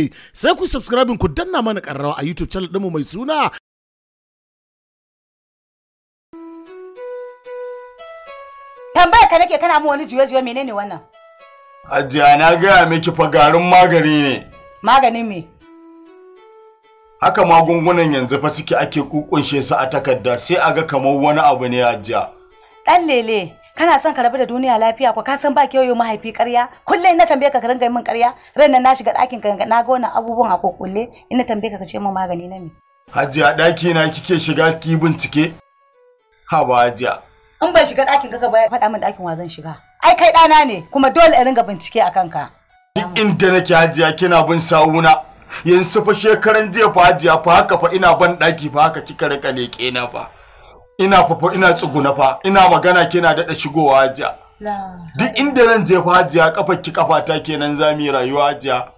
Eh, sai ku subscribe ku danna mana karrawa a YouTube channel ɗinmu mai suna Tambaya ka nake kana mu wani juye-juye menene wannan? Ajiya na gaya miki fa garin magani ne. Maganin me? Haka magungunan yanzu fa suke ake kukunshe su a takarda sai a ga kamar wani abu ne ajiya. Ɗan lele, kana son ka rabu da duniya lafiya ko ka san ba kiyoyo mahaifi ƙarya kullum na tambaye ka ka ringa min ƙarya ran nan na shiga ɗakin ka na ga wannan abubuwan a kokulle ina tambaye ka ce min magani na me Hajiya ɗaki na kike shiga ki bincike ha ba Hajiya in ban shiga ɗakin ka ka bai faɗa min ɗakin wa zan shiga ai kai ɗana ne kuma dole in ringa bincike a kanka duk inda nake Hajiya kina bin sawuna yanzu fa shekaran jiya fa Hajiya fa haka fa ina ban ɗaki fa haka kika rika leƙe na fa ina fufa ina tsuguna fa ina magana kina daɗa shigowa hajiya duk inda zan je fa hajiya kafar ki kafata kenan za mu yi rayuwa hajiya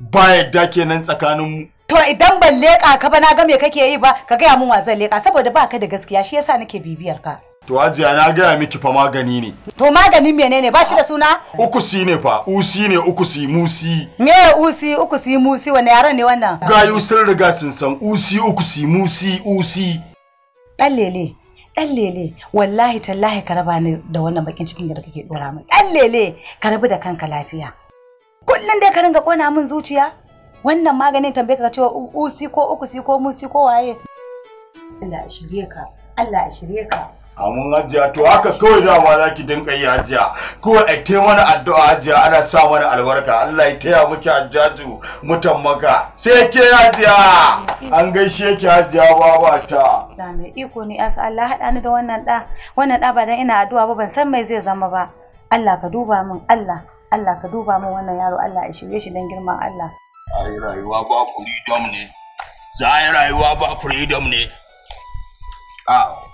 ba yadda kenan tsakanin mu to idan ban leka ka ba na ga me kake yi ba ka gaya min wa zan leƙa saboda ba ka da gaskiya shi yasa nake bibiyar ka to hajiya na gaya miki fa magani ne to maganin menene ba shi da suna ukusi ne fa usi ne ukusi musi me usi ukusi musi wani yaran ne wannan gayu sun riga sun san usi ukusi musi usi Ɗan lele, ɗan lele, wallahi tallahi ka raba ni da wannan bakin cikin da kake ɗora min. Ɗan lele, ka rabu da kanka lafiya. kullun dai ka ringa kona min zuciya. Wannan maganin tambaye ka cewa si ko uku si ko si ko waye. Allah a shirye ka, Allah a shirye ka. amun hajiya to haka kawai dama za ki dinka yi hajiya kawai a te mana addu'a hajiya ana sa mana albarka Allah ya taya miki hajjatu mutan maka sai ke hajiya an gaishe ki hajiya baba ta da mai iko ne as Allah hada ni da wannan da wannan da ba dan ina addu'a ba ban san mai zai zama ba Allah ka duba min Allah Allah ka duba min wannan yaro Allah ya shirye shi dan girman Allah ai rayuwa ba freedom ne za rayuwa ba freedom ne a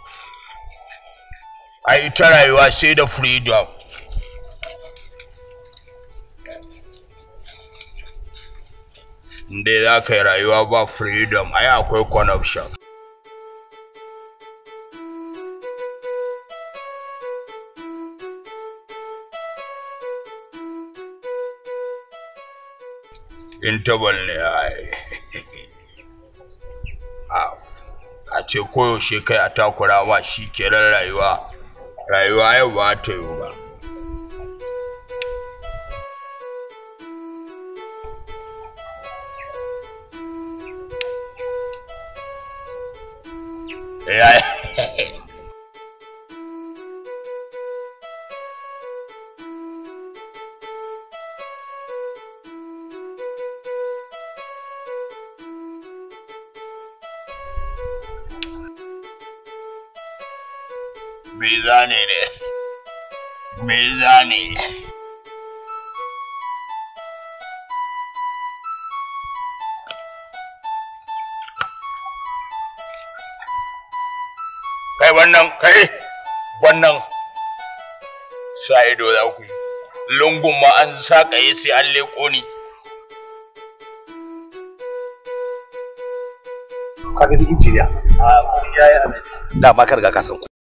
a yi ta rayuwa sai da freedom inda za ka yi rayuwa ba freedom ai akwai connection interval ne a ce koyaushe kai a takura ba shi kenan rayuwa rayuwa yau ba ta yiwu ba Yeah. me ne me kai wannan kai wannan sa ido za ku yi lungun ma an saƙaye sai an leƙo ni kaga ni injiniya ah, da ma ka riga ka san